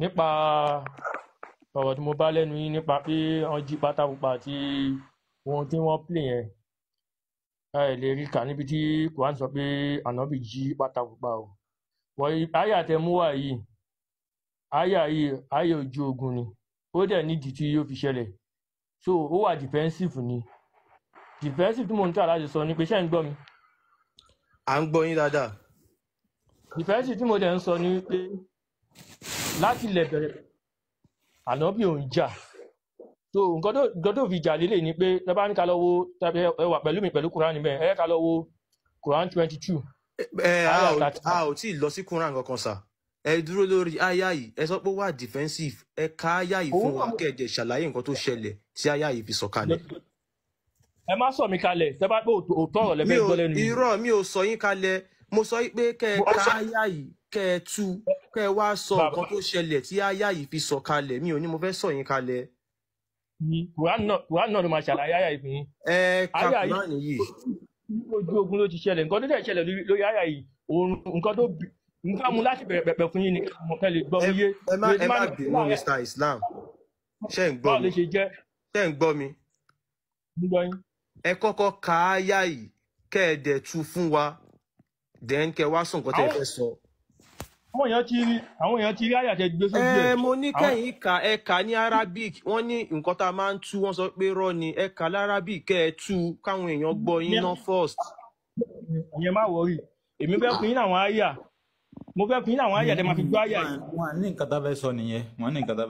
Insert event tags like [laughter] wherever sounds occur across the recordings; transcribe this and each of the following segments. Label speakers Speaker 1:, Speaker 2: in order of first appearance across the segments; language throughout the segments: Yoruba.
Speaker 1: nípa ọ̀rọ̀ tí mo bá lẹ́nu yín nípa pé wọ́n jí pátá pupa àti ohun tí wọ́n plè yẹn ẹ lè rí kà níbi tí Quran sọ pé ànábì jí pátá pupa o wọ́n àyà tẹ mú wá yìí àyà yìí àyà ojú ogun ni ó dẹ̀ nídìí tí yóò fi ṣẹlẹ̀ so ó wà defensive ni defensive tí mò ń tà láti sọ ni pé ṣé ń gbọ́ mi. à ń gbọ́ yín dáadáa. defensive tí mo dẹ̀ ń sọ ni pé láti ilẹ̀ bẹ̀rẹ̀ ànábì ò ń jà so nǹkan tó fi jà lílé ni pé lọ́ba ní ká lọ wo tàbí ẹwà pẹ̀lú mi pẹ̀lú Quran bẹ́ẹ̀ ẹ ká lọ wo Quran twenty two. ẹ a ò tí ì lọ sí Quran kankan sá ẹ dúró lórí aya yìí
Speaker 2: ẹ sọ pé wà defensive ẹ ka aya yìí fún wa kẹjẹ ṣàlàyé nǹkan tó ṣẹlẹ̀ tí aya yìí fi sọ̀kalẹ̀
Speaker 1: ẹ má sọ mi kalẹ̀ tẹ bá pé òótọ́ ọ̀rọ̀ lẹ́bẹ̀ẹ́ gbọ́ irọ́
Speaker 2: mi ò sọ yín kalẹ̀ mo sọ pé kẹ ẹ ká àyà yìí kẹ ẹ tú kẹ ẹ wá sọ nǹkan tó ṣẹlẹ̀ tí àyà yìí fi sọ kalẹ̀ mi ò ní mo fẹ́ sọ yín kalẹ̀. wàá náà ló
Speaker 1: máa ṣàlàyé àyà yìí fún yín. ẹ kàkúrà nìyí. ojú ogun ló ti ṣẹlẹ̀ nǹkan tó dẹ̀ ṣẹlẹ̀ lórí àyà yìí òun nǹkan tó nǹkan mu láti bẹ̀rẹ̀ pẹ̀pẹ̀ fún yín ni mo fẹ́ lè gbọ́ iye. ẹ má ẹ má bínú Mr. Islam ṣe ń gbọ́ mi ṣe ń gbọ́ mi
Speaker 2: ẹ kọ́kọ́ ka àyà yìí kẹ́ ẹ dẹ̀ tú fún wa
Speaker 1: then kẹ wá sọ nǹkan sọ. àwọn èèyàn ti rí àwọn èèyàn ti rí àyà tẹ gbé ẹ. ẹ mo ní
Speaker 2: ẹ ní Arabic wọ́n ní nǹkan tá a máa ń tú wọ́n sọ pé ni ẹ kà l'Arabic ẹ tú káwọn èèyàn gbọ́ yín ná first. ìyẹn má wọrí
Speaker 1: èmi fẹ́ fún yín àwọn àyà mo fẹ́ fún yín àwọn àyà tẹ máa fi gbọ́ àyà yìí. wọn ní nǹkan tá a fẹ́ sọ nìyẹn wọn ní nǹkan tá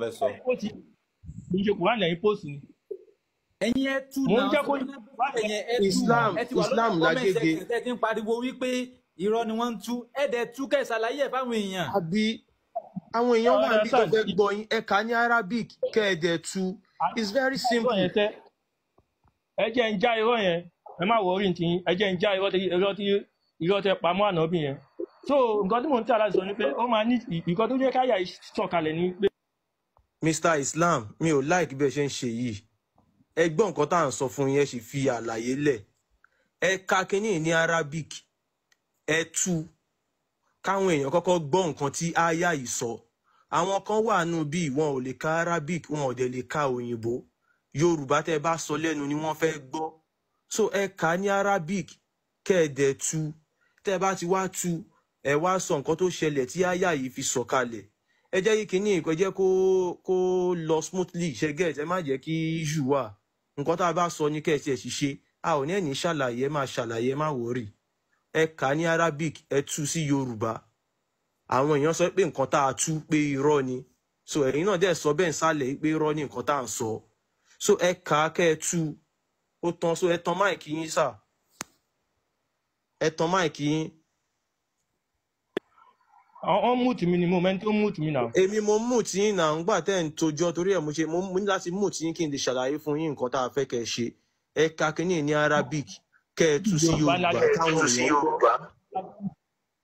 Speaker 1: a
Speaker 2: fẹ́ irọ́ ni wọ́n ń tú ẹ̀dẹ̀ tú kẹ́ ṣàlàyé ẹ̀ fáwọn èèyàn. àbí àwọn èèyàn wà
Speaker 1: bí ọ̀fẹ́ gbọ̀yìn ẹ̀ka ní Arabic kẹ́ tú it's very simple. ẹ jẹ́ ń já irọ́ yẹn ẹ má wọ orí nìyí ẹ jẹ́ ń já irọ́ tí irọ́ tẹ pamọ́ ànábì yẹn so nǹkan tí mò ń tà láti sọ ni pé ó máa ní nǹkan tó jẹ́ káyà sọ̀kalẹ̀ ni pé. Mr. Islam mi ò láìkí bí ẹ ṣe ń ṣe yìí ẹ gbọ́
Speaker 2: nǹkan tá à ń sọ fún yín ẹ fi àlàyé lẹ̀ ẹ ka kínní ní Arabic ẹ tú káwọn èèyàn kọ́kọ́ gbọ́ nǹkan tí aya yìí sọ àwọn kan wà nù bí wọn ò lè ka Arabic wọn ò dẹ̀ lè ka òyìnbó Yorùbá tẹ́ bá sọ lẹ́nu ni wọ́n fẹ́ gbọ́ so ẹ kà ní Arabic kẹ́ ẹ dẹ̀ tú tẹ́ bá ti wá tú ẹ wá sọ nǹkan tó ṣẹlẹ̀ tí aya yìí fi sọ̀kalẹ̀ ẹ jẹ́ yìí kínní ìkọ́ jẹ́ kó kó lọ smoothly ṣe get ẹ má jẹ́ kí issue wà nǹkan tá a bá sọ ní kẹ́ ẹ ti a ò ní ẹ̀ ṣàlàyé má ṣàlàyé má wòrì. ẹka ní Arabic ẹ sí Yorùbá àwọn èèyàn sọ pé nǹkan tá a tú pé ni so ẹ̀yin náà dẹ̀ sọ bẹẹ nsàlẹ̀ pé rọ ni nǹkan tá sọ so ẹka kà ó tán so ẹ máìkì yín sà ẹ máìkì
Speaker 1: yín. ọ mi ni mo mi èmi
Speaker 2: mo ṣe mo ní láti yín fún yín nǹkan tá ṣe kínní kẹ́ ẹ tú sí Yorùbá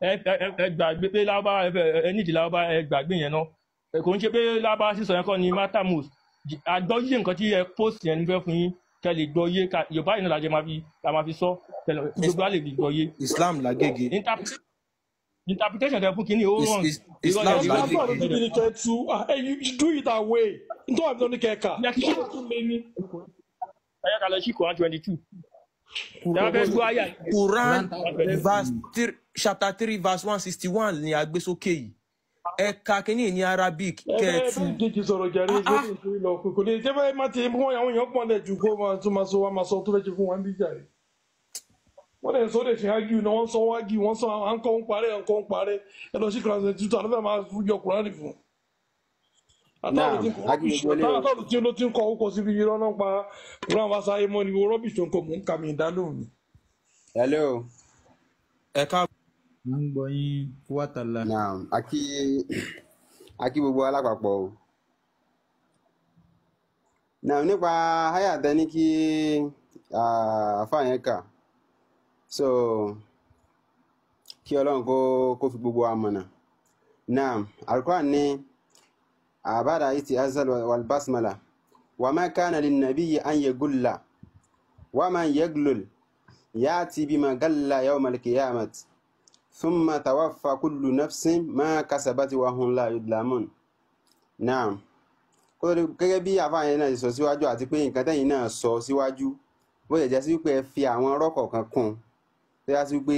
Speaker 1: ẹ gbàgbé pé lábá ẹ nídìí lábá ẹ gbàgbé yẹn náà kò ń ṣe pé lábá sísọ yẹn kọ́ ni matamus àgbọ́yé nǹkan tí ẹ post yẹn nífẹ̀ẹ́ fún yín kẹ́ lè gbọ́ yé Yorùbá yìí náà làjẹ́ máa fi sọ gbogbo àlè lè gbọ́ yé. Islam làgègè interpretation tẹ fún kínní ó rán islam la gbé kí ni kẹ tu you do it that way n tó àbí tó ní kẹ kà. sí Quran twenty two Quran verse
Speaker 2: three chapter three verse one sixty one ni a gbé sókè yìí ẹ ka kínní Arabic
Speaker 3: kẹẹtù. ẹ bá sọ̀rọ̀ jàre ìgbé ah, ah. ìlú lọ kò lè jẹ́ báyìí ti mú àwọn èèyàn pọ̀ lẹ̀ ju kó máa tún máa sọ wá máa sọ tó fẹ́ fún wa ń bí jàre. wọ́n lè sọ de ṣe ágì náà wọ́n sọ wọ́n ágì wọ́n sọ à ń kọ́ ń parẹ́ à ń kọ́ ń parẹ́ ẹ lọ sí kìlásì tuntun àlọ́ máa yọ Kùránì fún àtàwọn tí ló ti ń kọ owó síbi ibi lọ́nà pa brown ni wo rọ́bì tó ń kọ mò ń kà mí mi.
Speaker 4: hello. ẹ káàbọ̀. mo ń gbọ́ yín naam akí akí gbogbo alápapọ̀ o. naam nípa háyà tẹ ní kí àfáà yẹn kà so kí ọlọ́run kó fi gbogbo amọ̀nà abada isti'azal wal basmala wa ma kana lin nabiyyi an yagulla wa man yaglul yati bima galla yawm al qiyamati thumma tawaffa kullu nafsin ma kasabat wa hum la yudlamun naam gẹ́gẹ́ bí àfààní náà ti sọ síwájú àti pé nǹkan tẹ́yìn náà sọ síwájú bó lè jẹ́ sí pé ẹ fi àwọn ọ̀rọ̀ kọ̀ọ̀kan kún tó yá sí pé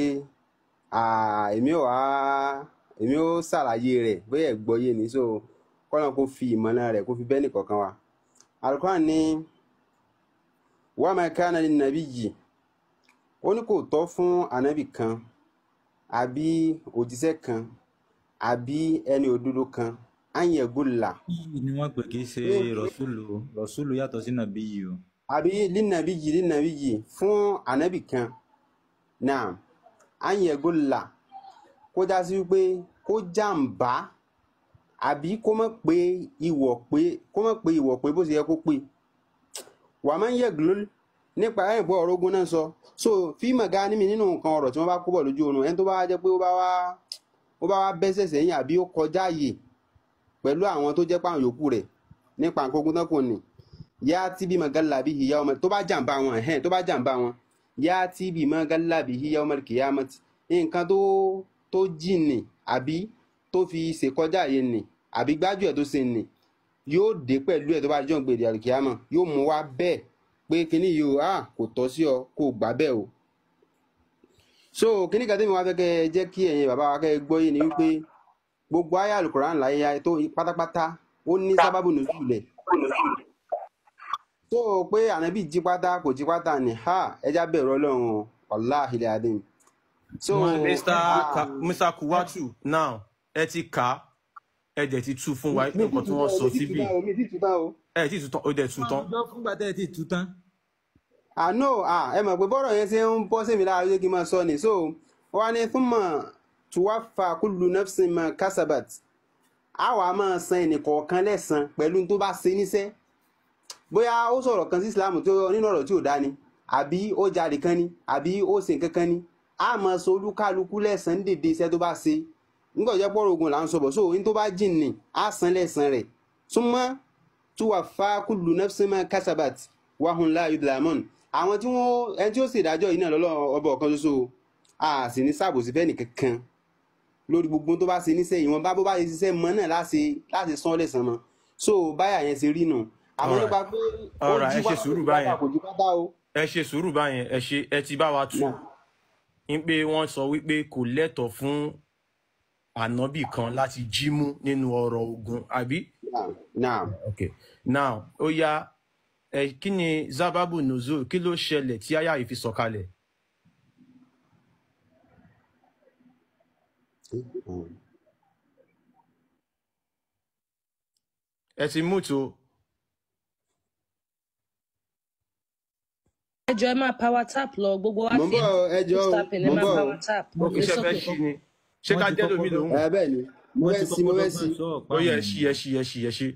Speaker 4: èmi ò ṣàlàyé rẹ̀ bóyá ẹ̀ gbọ́yé ni so kọ́nà kó fi ìmọ̀nà rẹ̀ kó fi bẹ́ẹ̀ nìkọ̀ọ̀kan wa alukuran ní wa ma kana lin nabiyyi ó ní kò tọ́ fún ànábì kan àbí òjíṣẹ́ kan àbí ẹni òdodo kan anyagula. yìí ni wọ́n pè kí ṣe rọ̀ṣúlù rọ̀ṣúlù yàtọ̀ sí nàbí yìí o. àbí lílnàbí yìí lílnàbí yìí fún ànábì kan náà anyagula kó dá wípé kó jàǹbá àbí kó mọ̀ pé ìwọ̀ pé kó mọ̀ pé ìwọ̀ pé bó ṣe yẹ kó pé wà máa ń yẹ glol nípa ẹ̀bùn ọ̀rọ̀ ogun náà sọ so fíìmọ̀ ga ní mi nínú nǹkan ọ̀rọ̀ tí wọ́n bá kó bọ̀ lójú oorun ẹni tó bá wá jẹ́ pé ó bá wá ó bá wá bẹ́sẹ̀ sẹ́yìn àbí ó kọjá àyè pẹ̀lú àwọn tó jẹ́ páwọn yòókù rẹ̀ nípa nǹkan ogun tán kò ní yá tí bí magala bí hiya ọmọ tó bá jàǹbá wọn ẹ̀hẹ́n tó bá jàǹbá wọn yá tí bí magala bí hiya ọmọ kìyàmọ́tì nǹkan tó tó jìn ní àbí tó fi ṣèkọjá àyè nìí àbí gbájú ẹ̀ tó ṣe nì yóò dé pẹ̀lú ẹ̀ tó bá jọ̀ ń gbèrè àlùkìyàmọ̀ yóò mú wá bẹ́ẹ̀ pé kíní yìí o kò tọ́ sí ọ kò gbà bẹ́ẹ̀ o. so kíní kan tí mi wá fẹ́ kẹ́ ẹ jẹ́ kí ẹ̀yin bàbá wa kẹ́ ẹ gbọ́ yìí ni wípé gbogbo àyá alukoran láyé ya tó pátápátá ó ní sábàbù nùsùlẹ̀ tó o pé ànábì jí pátá kò jí pátá ni ha ẹja bẹ̀rù ọlọ́run wàláhì lẹ́yìn adé so
Speaker 2: Mr. Kuwatu now ẹ ti kà á ẹ dẹ̀ ti tú fún wa nǹkan tí wọ́n sọ síbí ẹ ti tú tán ó dẹ̀ tú tán. ọjọ́
Speaker 4: fúngbà tẹ́ ẹ ti tú tán. àná ẹ mọ̀ pé bọ́rọ̀ yẹn ṣe ń bọ́ sí mi lára ló kí n máa sọ ni so wọ́n á ní fún mọ̀ tuwafa kullu nafsin ma kasabat a wàá máa san ẹnìkọ̀ọ̀kan lẹ́san pẹ̀lú tó bá ṣe níṣẹ́ bóyá ó sọ̀rọ̀ kan sí Islam tó nínú ọ̀rọ̀ tí ò dá ni àbí ó jalè kan ni àbí ó ṣe nǹkan ni a máa san olúkálukú lẹ́san déédéé iṣẹ́ tó bá ṣe nígbà tó jẹ́ pọ́rọ̀ ogun là ń sọ so ohun tó bá jìn ní á san lẹ́san rẹ̀ súnmọ́ tó wà fa kúlù nẹ́fṣẹ́mọ́ kásábàt wàhùn láàyò dàmọ́n àwọn tí wọ́n ẹni tí ó sì dájọ́ yìí náà lọ́lọ́ ọba ọ̀kan ṣoṣo a sì ní sàbòsí fẹ́ni kankan lórí gbogbo tó bá ṣe níṣẹ́ ìwọ̀n bá bó bá ṣe ṣiṣẹ́ mọ́ náà láti san lẹ́san mọ́ so báyà yẹn ṣe rí nù àmọ́ nípa pé ó jí wá kò jí pátá o
Speaker 2: ẹ ṣe sùúrù báyẹn ẹ ṣe ẹ ti bá wa tù ń pé wọ́n sọ wípé kò lẹ́tọ̀ọ́ fún ànábì kan láti jí mú nínú ọ̀rọ̀ ogun àbí. now okay now ó yá ẹ kí ni zababu nuzul kí ló ṣẹlẹ̀ tí aya yìí fi sọ̀kalẹ̀. ẹ ti mú tó.
Speaker 5: ẹjọ ẹ máa power tap lọ gbogbo wa fi mr pin ẹ máa power tap. mo ń
Speaker 2: ṣé ká jẹ́ lómi lòun. ẹ bẹ́ẹ̀ ni mo fẹ́ sí mo fẹ́ sí. ó yẹ ẹ ṣí ẹ ṣí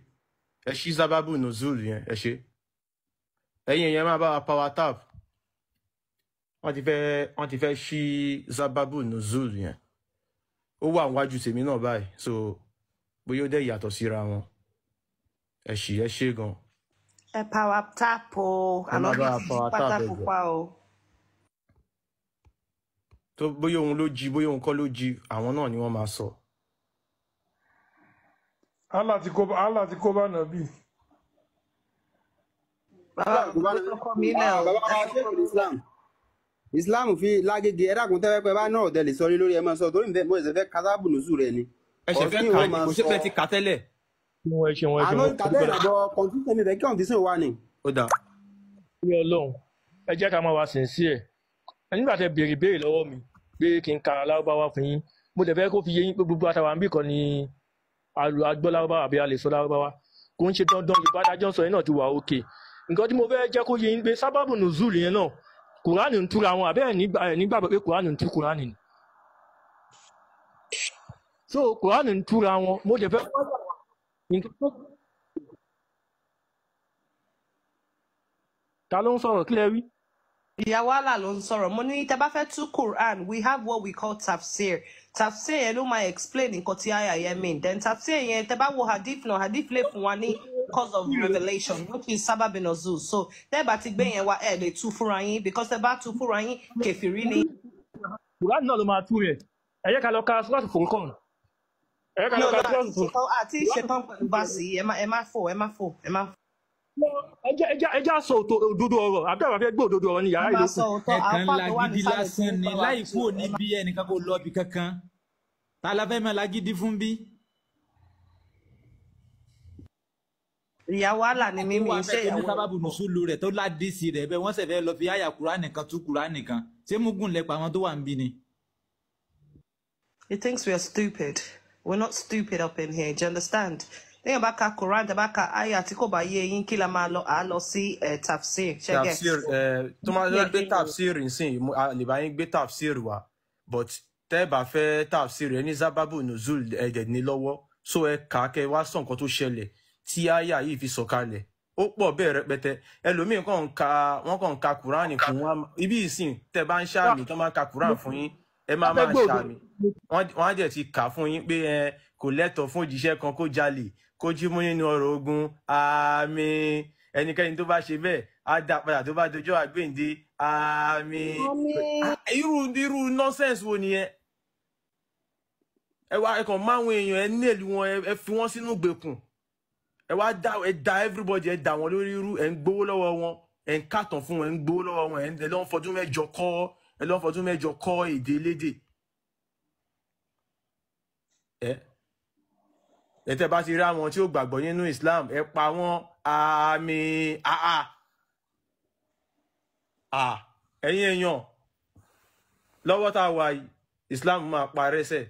Speaker 2: ẹ zababu nozul yẹn ẹ ṣe yẹn máa bá wa power tap wọ́n ti fẹ́ wọ́n ti fẹ́ ṣí zababu nozul yẹn ó wà níwájú tèmi náà báyìí so bóyá ó dẹ̀ yàtọ̀ síra wọn ẹ ṣí gan.
Speaker 5: ẹ power tap o àlọ́ bí ti pátá pupa o
Speaker 2: tó bóyá òun ló jí bóyá òun kọ́ ló jí àwọn náà ni wọ́n máa sọ.
Speaker 3: Allah ti kó Allah ti kó bá nàbí. bàbá ọkọ mi
Speaker 4: náà bàbá wa ṣe kò Islam Islam fi lágége ẹ dákun tẹ́wẹ́ pẹ́ bá náà ọ̀dẹ lè sọrí lórí ẹ máa sọ torí mi mo ṣe fẹ́ kásábù nùsù rẹ ni. ẹ ṣe fẹ́ ká kò ṣe fẹ́ ti
Speaker 1: kà tẹ́lẹ̀. àná ìkàtẹ́lẹ̀
Speaker 4: bọ̀ kọ̀ǹtínṣẹ́ mi fẹ́ kí ọ̀ǹtínṣẹ́ wa ni.
Speaker 1: ó dà. ẹ jẹ́ ká máa wá sincere nígbà tẹ béèrè béèrè lọ́wọ́ mi pé kí n ka lárúbáwá fún yín mo dẹ̀ fẹ́ kó fi yé pé gbogbo àtàwọn àbí kan ni agbọ́ lárúbáwá àbí alẹ́ sọ lárúbáwá kò ń ṣe dandan yorùbá adájọ́ sọ yẹn náà ti wà òkè nǹkan tí mo fẹ́ jẹ́ kó yé yín pé sábàbù nùzúl yẹn náà kùránì ń túra wọn àbẹ́ẹ̀ nígbàgbọ́ pé kùránì ń tú kùránì ni so kùránì ń túra wọn mo dẹ̀ fẹ́
Speaker 5: ta ló ń sọ̀rọ̀ kílẹ̀ rí ìyàwó ló ń sọ̀rọ̀ mo ní tẹ bá fẹ́ tú Quran we have what we call tafsir tafsir yẹn ló máa explain nǹkan tí àyà yẹn mean then tafsir yẹn tẹ bá wo hadith náà hadith lè fún wa ní cause of revelation which is sábàbí nozul so tẹ bá ti gbé yẹn wá ẹ lè tú fúnra yín because tẹ bá tú fúnra yín kẹfìrí ni.
Speaker 1: Quran náà ló máa tú rẹ̀ ẹ yẹ ká lọ ka sọ́ọ̀tù fún kàn. ẹ yẹ ká lọ ka sọ́ọ̀tù fún kàn. àti ìṣetán pẹ̀lú báàsì ẹ má fò ẹ má fò ẹ má fò ẹjá sọ òdodo ọ̀rọ̀ abdul rafi gbọ́ òdodo ọ̀rọ̀ ní yàrá ìlú. ẹ̀kan lagidi lásán ni láì kú
Speaker 4: òní ẹnìkan kò lọ ibì kankan ta la fẹ́ máa lagidi fún bí. ìyàwó àlà ni mímí iṣẹ́ ìyàwó. ẹni sábàbù nùsùlù rẹ̀ tó ládìsí rẹ̀ bẹ́ẹ̀
Speaker 5: wọ́n ṣẹ̀fẹ̀ lọ fi àyà kúránì kan tú kúránì kan ṣé mugun lẹ́pà àwọn tó wà ń bí ni. He thinks we are stupid. We're not stupid up in here, do you understand? téèyàn bá ka Quran tẹ́ bá ka aya tí kò bá yé yín kí la máa lọ à lọ sí eh, tafsir ṣẹgẹ. tafsir
Speaker 2: eh, tó máa lọ gbé tafsir nsìn a lè bá yín gbé tafsir wa but tẹ́ bá fẹ́ tafsir ẹ ní zababu nuzul ẹ̀dẹ̀ ní lọ́wọ́ so ẹ kà á kẹ́ wá sọ nǹkan tó ṣẹlẹ̀ tí aya yìí fi sọ̀kalẹ̀ ó pọ̀ bẹ́ẹ̀ rẹpẹtẹ ẹlòmíín kàn ń ka wọ́n kàn ń ka Quran fún wa ibi ìsìn tẹ́ bá ń ṣàmì tó máa ka Quran fún yín ẹ máa máa ṣàmì wọ́n á dẹ̀ ti kà fún yín pé eh, kò lẹ́tọ̀ọ́ fún òjíṣẹ́ kan kó jalè kó jí mú nínú ọ̀rọ̀ ogun àmín ẹnikẹ́ni tó bá ṣe bẹ́ẹ̀ á dá padà tó bá dojọ́ àgbéǹde àmín irú irú nọ́sẹ̀nsì wo nìyẹn ẹ wá ẹ kàn máwọn èèyàn ẹ nílùú wọn ẹ fi wọn sínú gbèkùn ẹ wá dá ẹ dá everybody ẹ dá wọn lórí irú ẹ ń gbowó lọ́wọ́ wọn ẹ ń kàtàn fún wọn ẹ ń gbowó lọ́wọ́ wọn ẹ lọ́n fọdún mẹ́jọ kọ́ ẹ lọ́n fọdún mẹ́jọ kọ́ èdè elédè. ẹ̀tẹ́ bá ti rí àwọn tí ó gbàgbọ́ nínú Islam ẹ pa wọ́n àmì àà à ẹ̀yin èèyàn lọ́wọ́ tá a wà Islam máa parẹ́ sẹ̀.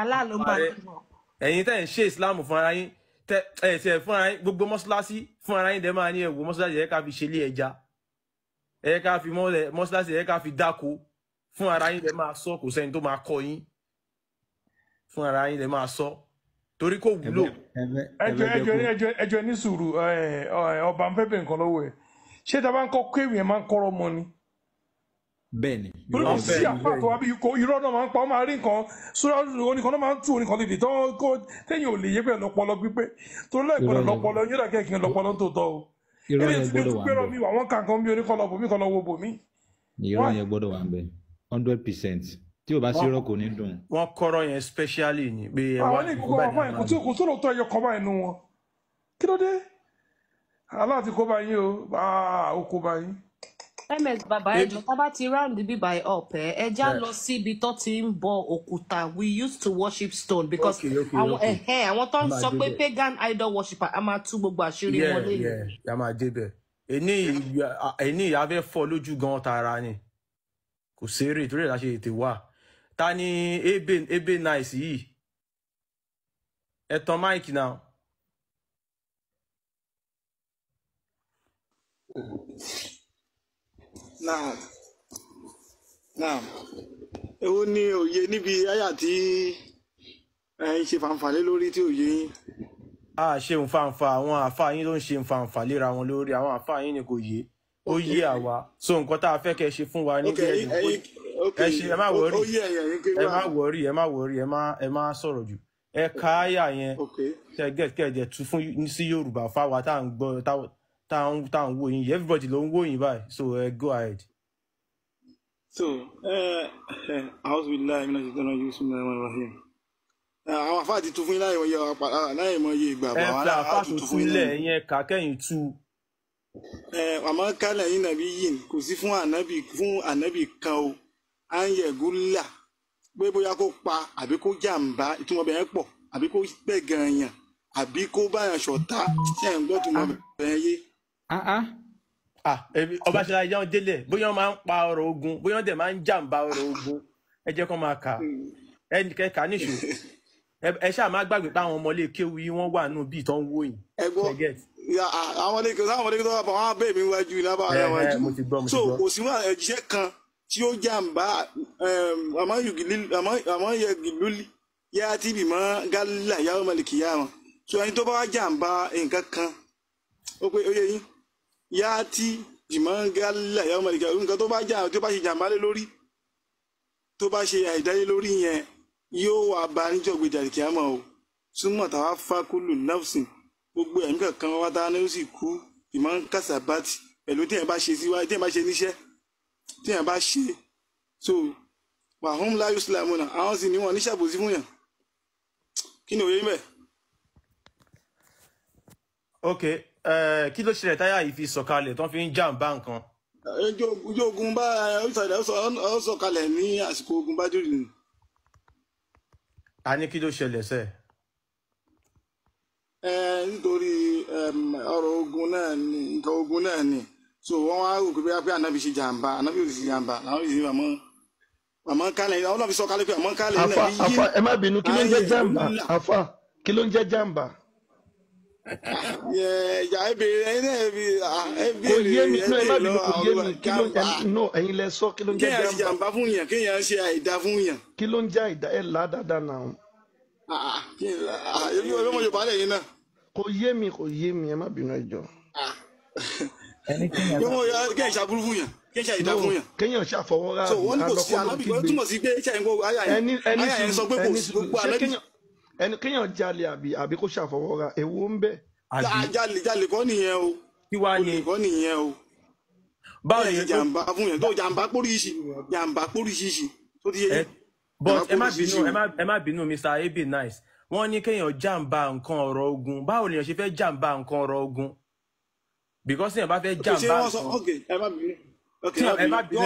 Speaker 2: aláàlú máa ń bọ̀. ẹ̀yin tẹ́ ń ṣe Islam fún ara yín tẹ́ ẹ̀ tẹ́ fún ara yín gbogbo mọ́ṣáláṣí fún ara yín dẹ́ máa ní ẹ̀wò mọ́ṣáláṣí ẹ̀ ká fi ṣe ilé ẹja ẹ̀ ká fi mọ́ṣáláṣí ẹ̀ ká fi dáko fún ara yín dẹ́ máa sọ kò sẹ́ni tó máa kọ yín fún ara yín dẹ́ máa sọ. So torí kò wúlò.
Speaker 3: ẹjọ ẹjọ ẹjọ ẹjọ ní sùúrù ọba ń pẹpẹ nǹkan lọ́wọ́ ẹ ṣé tá a bá ń kọ kéwì ẹ máa ń kọrọ mọ ni. bẹ́ẹ̀ni yóò máa bẹ́ẹ̀ni sí àpàtọ àbí ikọ irọ́ náà máa ń pa ọ máa rí nǹkan sórí oníkan náà máa ń tú oníkan lèdè tó ń kó téèyàn ò lè yé pẹ̀lú ọpọlọ gbígbé torí lẹgbẹrẹ lọpọlọ yóò dàgẹ kí n lọpọlọ tó tọ o. irọ́ yẹn gbọ́dọ̀ wà ń bẹ̀. àwọn kàǹkan bí oníkan lọ bòmí kan lọ wo bòmí.
Speaker 4: irọ́ yẹn gbọ́dọ̀ wà ń bẹ̀ hundred percent tí o bá sí rọ ní dùn.
Speaker 2: wọn kọrọ yẹn specially ni àwọn ah, ní ìkókó àwọn yẹn kò tí
Speaker 3: kò sọ̀rọ̀ ẹyọ kọ báyìí nu wọn kí ló dé aláàtí kó báyìí o ah, ó kó báyìí.
Speaker 5: ms bàbá ẹ jọ tábà ti round bí by up ẹ eh, ẹ já lọ síbi tó ti ń bọ òkúta we used to worship stone because àwọn ẹhẹ eh, eh, àwọn tó ń sọ pé pagan idol worshiper a máa tú gbogbo àṣírí wọn lé. yẹ ẹ máa débẹ̀
Speaker 2: ẹni ìyá fẹ́ fọ́ lójú gan tààrà ni kò sí èrè torí ẹ̀ ètè wà ta ni ebe ebe nice yìí ẹ tan máìkì náà. naam naam èwo ni òye níbi àyà tí ẹ ń ṣe fàǹfà lórí tí òye yín. a ṣe nfàǹfà àwọn àáfàá yín ló ń ṣe nfàǹfà léra wọn lórí àwọn àáfàá yín ni kò yé ó yé àwa so nǹkan tá a fẹ́ kẹ́ ṣe fún wa ní kí ẹ ṣe ẹ má wọrí ẹ má wọrí ẹ má wọrí ẹ má ẹ má sọ̀rọ̀ jù ẹ ka àyà yẹn tẹ gẹ̀ẹ́dẹ̀ tún fún sí Yorùbá fáwa tá à ń gbọ́ tá à ń wò yín everybody ló ń wò yín báyìí so ẹ uh, go ahead. so a'udhu billahi minash shaitani rajim bismillahir rahmanir rahim àwọn afá ti tún fún yín láì mọ iye ìgbà àwọn afá ti tún fún yín lẹ̀ yẹn kà kẹ́yìn tú. àmọ́ kálẹ̀ yín nàbí yìí kò sí fún ànábì kan o à ń yẹ̀gún là pé bóyá kó pa àbí kó jàǹbá ìtumọ̀ bẹ̀rẹ̀ pọ̀ àbí kó gbẹ̀gàn èèyàn àbí kó báyàn ṣọ̀tá tí ẹ̀ ń gbọ́ tó mọ̀ ah. bẹ̀rẹ̀ yé. Ah, ah. ọba ṣe láyé jẹun délẹ̀ bóyá wọ́n máa ń pa ọ̀rọ̀ ogun bóyá wọ́n dẹ̀ máa ń jàǹbá ọ̀rọ̀ ogun ẹ jẹ́ kó máa kà ẹnì kẹ́kà níṣó ẹ ṣáà má gbàgbé pé àwọn ọmọ ilé kéwu yìí wọ́n wà nù bíi tó ń wò yìí. ẹ gbọ́ àwọn ilé kéwu tó wà bọ̀ wọ́n á bẹ̀ mí wájú ní abáyá wájú so kò sí wọn ẹ̀jíṣẹ́ kan tí ó jàǹbá um, àmọ́ yẹgìlúlì yá tìbí mọ́ gálílà yàwó mọ̀lìkì yá wọn tí wọ́n tó bá wá jàǹbá nǹkan kan ó pé oyè yín yá tìbí mọ́ gálílà yàwó mọ̀lìkì yá nǹkan tó bá jàǹbá tó bá ṣe jàǹbá lé lórí tó bá ṣe àìdáyé lórí yẹn yóò wá bá níjọ́ gbèjà ìkíámọ̀ o súnmọ́ tàwa fákúlù nafsin gbogbo ẹ̀mí kankan wá tá a ní ó sì kú ìmọ̀ kásábàtì pẹ̀lú tí ẹ̀ bá ṣe níṣẹ́ téèyàn bá ṣe so wàhùn láyò sílámù náà àwọn sì ní wọn níṣàbòsí fún yàn kí ni òye mẹ́. ok kí ló ṣẹlẹ̀ táyà yìí fi sọ̀kalẹ̀ tó fi ń jàǹbá nǹkan. ojú ogun bá ọ̀sọ̀dà ó sọ̀kalẹ̀ ní àsìkò ogun bá dùn nù. a ní kí ló ṣẹlẹ̀ sẹ́ẹ̀. nítorí ọ̀rọ̀ ogun náà ni nǹkan ogun náà ni so wọn wá rò pé pé anabi ṣe jàǹbá anabi ṣe jàǹbá làwọn yìí màmọ màmọ kálẹ àwọn ọlọ́fi sọ kálẹ pé àmọ́ kálẹ yìí. afa ẹ má bínú kí ló afa kí ló ń jẹ jàǹbá. ìyá ẹ bèrè ẹyin náà ẹ bèrè kò yé ẹ má bínú kò yé mi kí ló
Speaker 3: no ẹyin lẹ sọ kí
Speaker 2: ló ń jẹ jàǹbá. kéèyàn jàǹbá fún yàn kéèyàn ṣe àìdá fún yàn. kí ló ń jẹ àìdá ẹ là á dáadáa nà ó.
Speaker 4: èmi ò yọ mọ Yorùbá
Speaker 2: lẹ́yìn náà. kò yé mi kò yé mi ẹ má bínú ẹ jọ yọmọ ya kẹ́hìn ṣàbúrú fún yàn kẹ́hìn ṣàyẹ̀dá fún yàn. kẹ́hìn ṣàfọwọ́ra àlọ́kọ́ náà ti gbé. so wọ́n ní kò sí alábì kan túmọ̀ sí pé ṣe àyẹ̀wò àyà yẹn sọ pé kò sí gbogbo alábì. ẹni kẹ́hìn jalè àbí àbí kó ṣàfọwọ́ra èwo ń bẹ. jalè jalè kọ́ nìyẹn o olè kọ́ nìyẹn o. báwo ni jàǹbá fún yàn tó jàǹbá póríṣì jàǹbá póríṣì tó ti yẹ. Eh, but ẹ má bínú ẹ má bínú Mr. Abi Nice wọ́n ní kéèyàn jàǹbá nǹkan ọ̀rọ̀ ogun báwo lèèyàn ṣe fẹ́ jàǹbá nǹkan ọ̀rọ̀ ogun because tí yàn bá fẹ́ jàǹbá nǹkan tí yàn bá bínú ẹ̀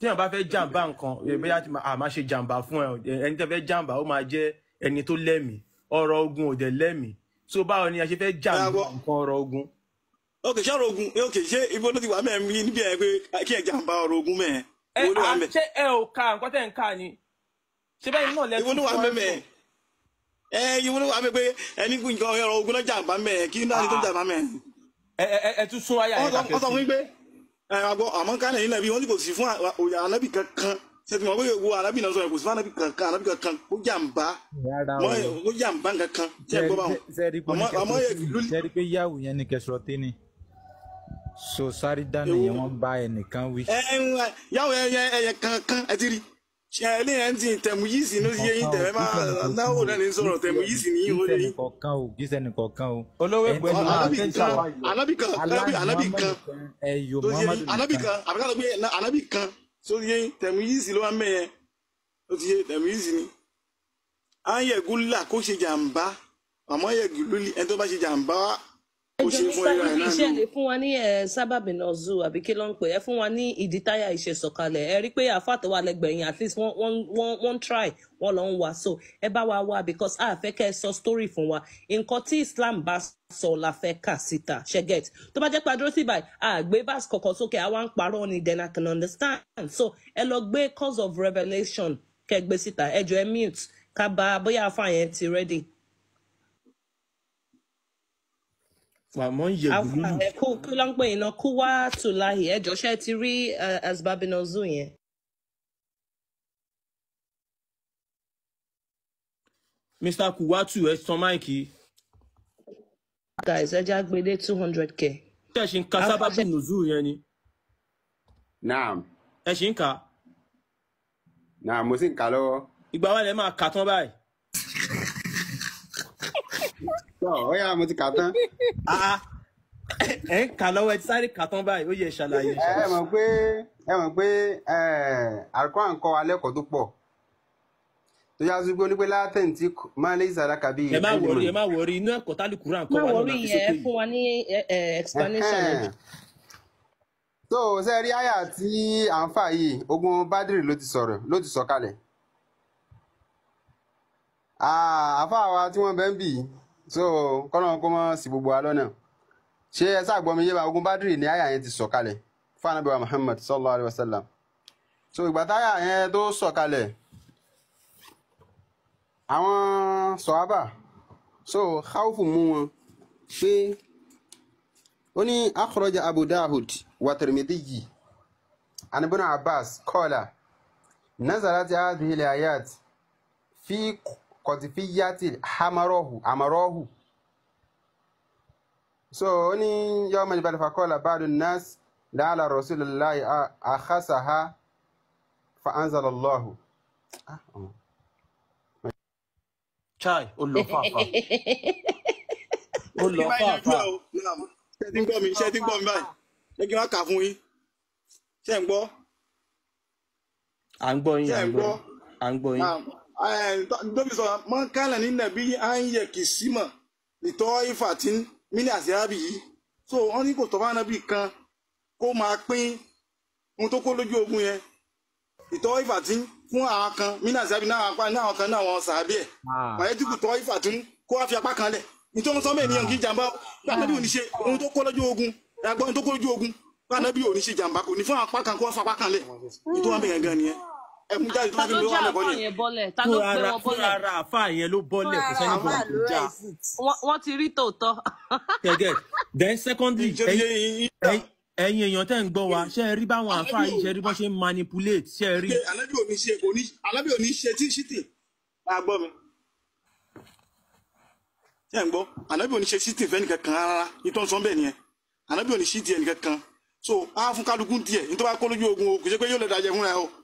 Speaker 2: tí yàn bá fẹ́ jàǹbá nǹkan bóyá a máa ṣe jàǹbá fún ẹ ẹni tó fẹ́ jàǹbá ó máa jẹ́ ẹni tó lẹ́mìí ọ̀rọ̀ ogun ò dẹ̀ lẹ́mìí so báwo ni a ṣe fẹ́ jàǹbá nǹkan ọ̀rọ̀ ogun. ok ṣé ọ̀rọ̀ ogun ok ṣé ibo ló ti wà mẹ́rin mi níbi ẹ̀ pé kí ẹ jàǹbá ọ̀rọ̀ ogun mẹ́ẹ̀. ẹ à ṣé ẹ ò ka nǹkan tẹ̀ ń ka ni ṣé bẹ́ẹ̀ náà lẹ́tọ́ ìwọ́n ló wà mẹ́ ẹ tún sún ayé àyè kàkẹ́sì. wọ́n sọ fún mi pé àgọ́ àmọ́ kálẹ̀ nílẹ̀ bí wọ́n ní kò sí fún òyà anábì kankan ṣètì mọ̀ pé wo anábì náà sọ yẹn kò sí fún anábì kankan anábì kankan ó jàǹbá ó jàǹbá kankan tí ẹ gbọ́ bá wọn. àmọ́ yẹ
Speaker 4: lórí. sẹ́ẹ̀rí pé yahoo yẹn ni kẹsùrọ̀ tẹ́ni so sáré dáná yẹn wọ́n bá ẹnìkan wí.
Speaker 2: ẹ ẹ yahoo yẹn ẹyẹ kankan ẹ ti rí ṣẹlẹ ẹ ti tẹmu yìí sí ló yẹ yín tẹmẹ máa náwó náà ní sọ̀rọ̀ tẹmu yìí sí ní yín wọlé yín.
Speaker 4: kọ̀ọ̀kan o kì í sẹ́ni o. olówó ẹgbẹ́ ni máa tẹ́ sọ wa yìí. anabi kan anabi anabi kan tó yẹ yín anabi kan
Speaker 2: àbíká tó gbé anabi kan tó yẹ yín tẹmu yìí sí ló wá mẹ́yẹn tó ti yẹ tẹmu yìí sí ni. à ń yẹ gúlà kó ṣe jàǹbá àmọ́ yẹ gúlù ẹni tó bá ṣe jàǹbá
Speaker 5: iṣẹ́ lè fún wa ní eh, sábàbí náà zoo àbí kí ló ń pè é fún wa ní ìdí táyà iṣẹ́ sọ̀kalẹ̀ ẹ rí i pé àfàtọ̀wà lẹ́gbẹ̀yìn at least wọ́n try wọ́n lọ ń wá so ẹ bá wa wá because a fẹ́ kẹ́ ẹ sọ story fún wa nǹkan tí Islam bá sọ la fẹ́ kà síta ṣẹ́gẹ̀t tó bá jẹ́ padró sí báyìí àgbé bá kọ̀kọ̀ sókè àwa ń parọ́ ni then I can understand so ẹ lọ gbé cause of revelation kẹ́ gbé síta ẹ jọ ẹ mute ká bá bóyá afáyẹn ti ready.
Speaker 2: màmá ń yẹ gbùlúlù.
Speaker 5: kó kí ló ń pè iná kó wá tùláhì ẹjọ ṣe ti rí eh, asbabinozu yẹn.
Speaker 2: mr kuwatu ẹ san máìkì.
Speaker 5: guys ẹ já gbélé two hundred k.
Speaker 2: ṣé ẹ ṣì ń ka sábàbinozu
Speaker 4: yẹn ni. naam. ẹ ṣì ń kà. naam mo sì ń kà lọ́wọ́. ìgbà wa lẹ máa kà tán báyìí. ọ̀yà mo ti kà tán
Speaker 3: ẹ [laughs] ń ah,
Speaker 4: ah. eh, eh, kà lọ́wọ́ ẹ ti sáré kà tán báyìí ó yẹ ṣàlàyé. Eh, ẹ mọ̀ pé ẹ mọ̀ pé àkọ́ àǹkọ́ alẹ́ kọ́ tó pọ̀ tó yá sí pé ó ní pé látẹ̀ǹ tí máa lé ìsàlá kàbí. ẹ má wọrí ẹ má wọrí inú ẹ̀kọ́ tálíkùrú àǹkọ́ wa lọ́nà fi sókè yìí. má wọrí yẹn
Speaker 5: fún wa ní explanation.
Speaker 4: so ṣe rí àyà tí à ń fà yìí ogun badiri ló ti sọ̀rọ̀ ló ti sọ kalẹ̀. Ah, àfáà wa tí wọ́n bẹ́ ń bì yìí so kọ́nà kó mọ́ sí gbogbo wa lọ́nà ṣé ẹ sáàgbọ́ mi yé ba ogun bádìrì ní àyà yẹn ti sọ̀kalẹ̀ fún ànábì wa Muhammad sallallahu alayhi wa sallam so ìgbà táyà yẹn tó sọ̀kalẹ̀ àwọn sọ̀hábà so khawfu mú wọn pé ó ní akhraja Abu Dawud wa Tirmidhi an Ibn Abbas qala nazalat hadhihi al-ayat fi kọtifíyàtì hamarọ́hù hamarọ́hù so ó ní yọ ọmọ ìbàdàn fakọ́lá báàdù nas láàlà rasulillahi akhasaha fa anzalallahu. Ah, oh. chai ó lọ fàáfà
Speaker 2: ó lọ fàáfà. mi ṣé ti mi báyìí ṣé kí wọ́n kà fún yín ṣé ń gbọ́. à ń gbọ́ yín à ń gbọ́ yín. Eh, tóbi sọ mọ́kànlá ní nàbí à ń yẹ kì í símọ̀ ìtọ́ ifá tí mílíọ̀nù àti àbí yìí so wọ́n ní kò tọ́ bá nàbí kan kó máa pín ohun tó kó lójú ogun yẹn ìtọ́ ifá tí fún àwọn kan mílíọ̀nù àti àbí náà apá náà àwọn kan náà wọn sàábì ẹ̀ màá dìbò tọ́ ifá tí kó wá fi apá kan lẹ̀ nítorí wọn sọ bẹ́ẹ̀ ni yàn kí jàmbá gbàdébí ò ní ṣe ah. ohun tó kó lójú ogun ẹgbẹ́ ohun tó kó lójú ogun gbàdébí ò ní ṣe jàmbá kò ní fún apá kan kó wá fapá kan lẹ̀ nítorí wọn bẹ̀rẹ̀ gan nìyẹn ẹmu jáde tó fi
Speaker 5: ló wọ́n ti rí tòótọ́.
Speaker 2: gẹ́gẹ́ then secondly ẹ̀yin èèyàn tẹ́ ń gbọ́ wa ṣe rí báwọn àfa yìí ṣe rí bọ́ ṣe ń manipulate ṣe rí.
Speaker 5: alábì òní ṣe kò ní
Speaker 2: alábì òní ṣe tí ṣìtì máa gbọ́ mi. ṣé ẹ̀ ń gbọ́ alábì òní ṣe ṣìtì fẹ́ nìkan kan rárá ìtọ́ sọ bẹ́ẹ̀ nìyẹn alábì òní ṣìtì ẹ̀ nìkan kan so á fún kálukú díẹ̀ nítorí wàá kó lójú ogun o kò ṣe pé yóò lè dàjẹ́ fúnra ẹ̀ o.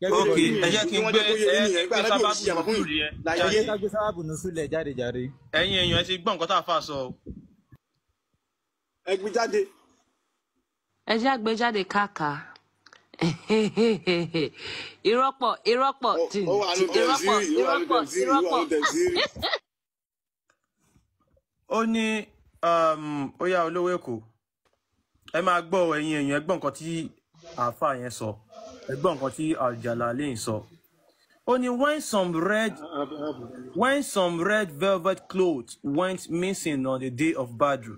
Speaker 4: ok ẹ kí n gbé ẹ sábàbù nùsùlẹ̀ ẹ jáde jáde.
Speaker 2: ẹ̀yin èèyàn ẹ ti gbọ́ nǹkan tá a fà sọ o.
Speaker 5: ẹ gbé jáde. ẹ jẹ́ àgbé jáde káàkà ìrọ́pọ̀ ìrọ́pọ̀ tì ìrọ́pọ̀ ìrọ́pọ̀ ìrọ́pọ̀. ó ní
Speaker 2: um, ó yá olówó èkó ẹ máa gbọ́ ẹ̀yin èèyàn ẹ gbọ́ nǹkan tí àáfàá yẹn sọ ẹgbọ́n nǹkan tí Al-Jalalayn sọ. ó ní when some red when some red velvet clothes went missing on the day of Badr.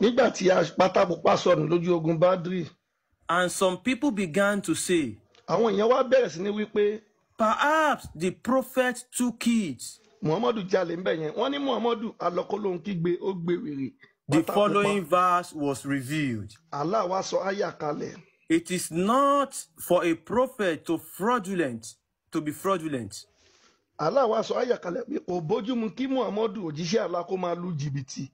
Speaker 2: nígbà tí apáta pupa sọnù lójú ogun Badri. and some people began to say. àwọn èèyàn wá bẹ̀rẹ̀ sí ní wípé. perhaps the prophet took kids. muhammadu jalè ńbẹ yẹn wọ́n ní muhammadu alọkọlóhun kígbe ó gbé wèrè. the following verse was revealed.
Speaker 3: Allah sọ àyà kalẹ̀.
Speaker 2: It is not for a prophet to fraudulent to be fraudulent.
Speaker 3: Allah sọ ayàkálẹ̀ pé kò bójúmu kí Muhammadu òjíṣẹ́ Allah máa lu jìbìtì.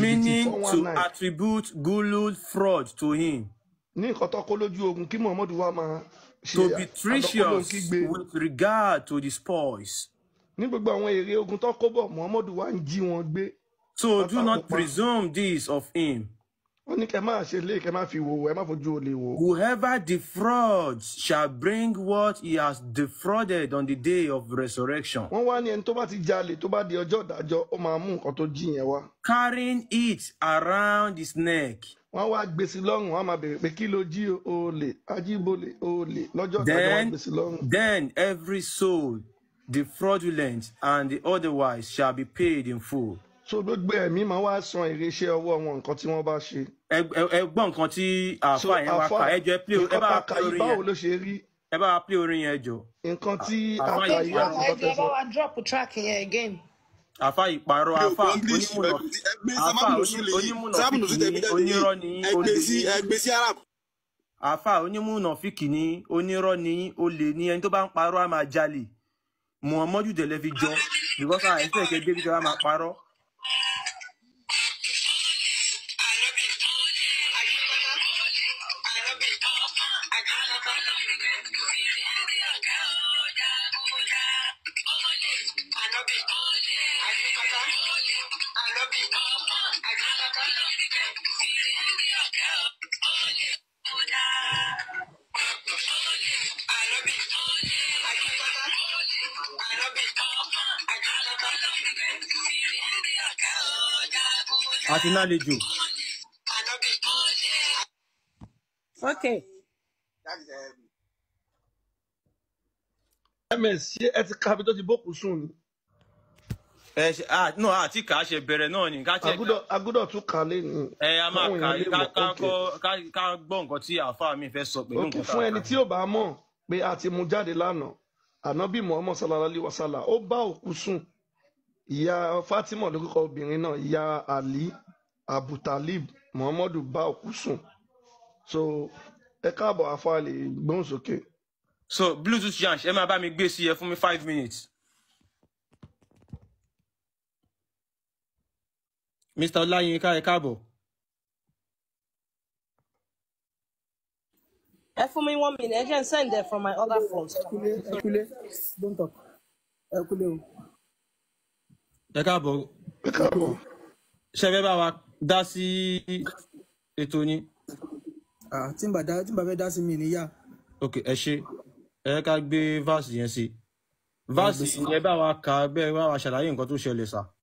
Speaker 3: Meaning to
Speaker 2: attribute gulul fraud to him. Ní nǹkan tó kó lójú ogun kí Muhammadu wa máa ṣe àdókòlò kígbe. To be treacherous with regard to the spoils. Ní gbogbo àwọn èrè ogun tó kó bọ̀, Muhammadu wa ń jí wọn gbé. So do not presume this of him ó ní kẹ́ máa ṣe lé kẹ́ máa fi wò ẹ má fojú olè wò. whoever defrauds shall bring what he has defrauded on the day of resurrection. wọ́n wá ní ẹni tó bá ti jalè tó bá di ọjọ́ ìdájọ́ ó máa mú nǹkan tó jí yẹn wá.
Speaker 3: carrying
Speaker 2: it around his neck. wọ́n wá gbé lọ́rùn wọ́n máa béèrè pé kí ló jí olè ajíbolè olè lọ́jọ́ ìdájọ́ wọ́n gbé lọ́rùn. then every soul the fraudulent and otherwise shall be paid in full so gbogbo ẹ̀mí máa wá san
Speaker 3: èrè iṣẹ́ ọwọ́ wọn nǹkan tí wọ́n bá ṣe.
Speaker 2: ẹ gbọ́ nǹkan tí àáfà yẹn wá kà ẹ jọ ẹ bá wa pín orin yẹn ẹ bá wa pín orin yẹn jọ. nǹkan tí àáfà yìí wá kọ́
Speaker 5: tẹ́sán. ẹ bá wa drop track yẹn again.
Speaker 2: àáfà ìpàrọ̀ àáfà onímùnà àáfà onímùnà fìkì onírọ́ ní olè àáfà onímùnà fìkì ní onírọ́ ní olè ní ẹni tó bá ń parọ́ á máa jalè Muhammadu dẹ̀ lẹ́ fi jọ because àìsàn ìkẹ́ débi tó máa parọ́.
Speaker 3: àlọ́bì àgbẹ̀kọ̀tà àlọ́bì àgbẹ̀kọ̀tà.
Speaker 5: Okay.
Speaker 1: That is, um... ẹ mẹ̀ sí ẹ tó ti bókun sùn ni
Speaker 2: ẹ ṣe ah no àti kà á ṣe bẹ̀rẹ̀ náà ni ká tiẹ̀ ká
Speaker 3: agudọ tún kà lé ní.
Speaker 2: ẹ a máa kà ká kọ ká gbọ́ nǹkan tí àáfàá mi fẹ́ sọ
Speaker 3: pẹ̀lú nǹkan tá a kà. fún ẹni tí ò bá mọ̀ pé a ti mú jáde lánàá ànábì muhammed sallallahu alayhi wa sallam ó bá òkú sùn ìyá fatima lórúkọ obìnrin náà ìyá ali abutalib muhammadu bá òkú sùn so ẹ káàbọ̀ àfa lè gbóhùn sókè.
Speaker 2: so bluetooth yansh ẹ máa bá mi gbé sí ẹ fún mi five minutes. mr ọláyínká ẹ káàbọ̀.
Speaker 5: ẹ fún mi one minute ẹ n send it from my other phone. ẹ kúlé don't talk ẹ
Speaker 4: kúlé o.
Speaker 2: ẹ káàbọ̀ ẹ káàbọ̀ ṣe fẹ́ bá wa dá sí ètò yín.
Speaker 4: tí n bá fẹ́ dá
Speaker 2: sí mi níyà. ok ẹ ṣe ẹ ká gbé verse yẹn sí verse yẹn bá wa kà bẹ́ẹ̀ bá wa ṣàlàyé nǹkan tó ṣẹlẹ̀ sáà.